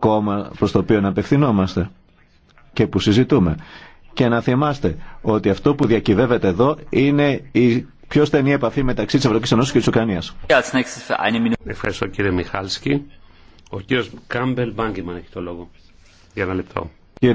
κόμμα προς το οποίο να απευθυνόμαστε και που συζητούμε. Και να θυμάστε ότι αυτό που διακυβεύεται εδώ είναι η πιο στενή επαφή μεταξύ της Ευρωπαϊκής Ενώσης και της Ουκρανίας. Ευχαριστώ κύριε Μιχάλσκι. Ο κύριος Κάμπελ Μπάνγκημαν έχει το λόγο. Για ένα λεπτό. Κύριε